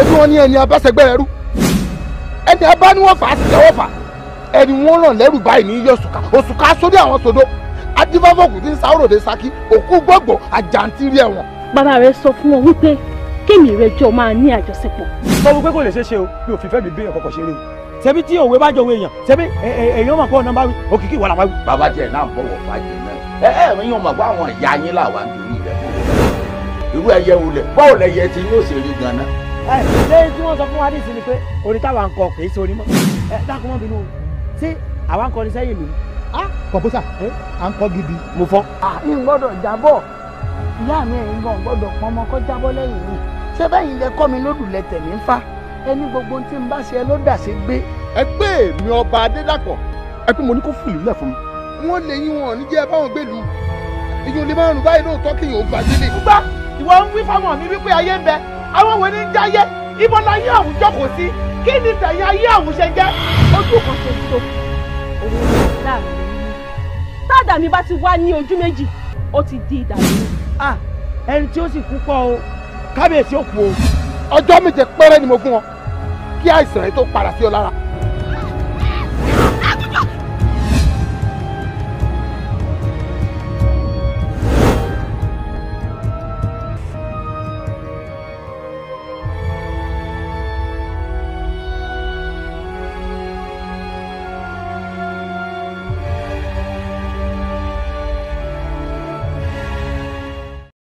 ṣebí wọn ní ẹni abẹ́sẹ̀gbẹ́ ẹrú ẹni abá ni wọ́n fà á sì tẹ́wọ́ fà ẹni wọ́n ràn lẹ́rù báyìí ní iye òṣùká òṣùká sórí àwọn sodo adífáfọ́kù tí ń sáwòròde Ṣakí òkú gbọ̀gbọ̀ àjàǹtí rí ẹ̀wọ̀n. bàbá rẹ sọ fún wọn wípé kémi rẹ jọ máa ní àjọṣepọ̀. sọ wípé kò lè ṣeé ṣe o mi ò fi fẹ́mi béèyàn kọkọ ṣeré o ṣebí tí òwe bá jọ òwe èèyàn ṣebí èèyàn máa kọ́ ọ̀nà bá wí òkìkí ìwà làwọn. bàbá jẹ náà bọ̀wọ̀ fàájì náà ẹ ẹ ẹ̀rín yóò máa bá àwọn ìyá yín làwọn àdúrà rẹ irú ẹyẹ wulẹ̀ bọ́ọ̀lù ẹyẹ tí yóò ṣe rí ganan ẹ ṣé tí wọ́n sọ fún wa nísìnyí pé orin táwa ń kọ kì í sori mọ́ ẹ dákun mọ́ bínú o ṣé àwa ń kọrin sẹ́yìn mi. kọ̀pútà ah, à ń kọ́ gidi. mo fọ́. mi ń gbọ́dọ̀ jábọ̀ ìyá mi ẹ̀ ń bọ̀ ń gbọ́dọ̀ pọn ọmọ kọ́ jábọ̀ lẹ́yìn mi ṣé bẹ́yìn lẹ kọ́ mi lódù lẹ tẹ̀mí ń fa ẹni gbogbo tí ń bá ṣe ẹ ló dà sí gbé. ẹgbẹ́ mi ọba adédàpọ̀ ẹ pé mo ní kó fìlú lẹ̀ fún mi. wọ́n lè yín wọn níjẹ́ báwọn gbèlú ìyún lè márùn báyìí lóòótọ́ kí yòó gbàgbélé. gbá ìwọ ń wí fáwọn mi wípé ayé ń bẹ àwọn wo ni ń jáyé ibo la yé àwùjọ kò sí kí ni tẹ̀yìn ayé àwùn ṣe jẹ́. ojú kan ṣoṣo òun ni láàrin mi táàdà mi bá ti wá ní ojú méjì ó ti di ìdààmú. ẹni tí ó sì kú kọ́ o kábíyèsí ò kú o ọjọ́ méje péré ni mo gún ọ kí àìsàn rẹ tó padà sí ọ lára.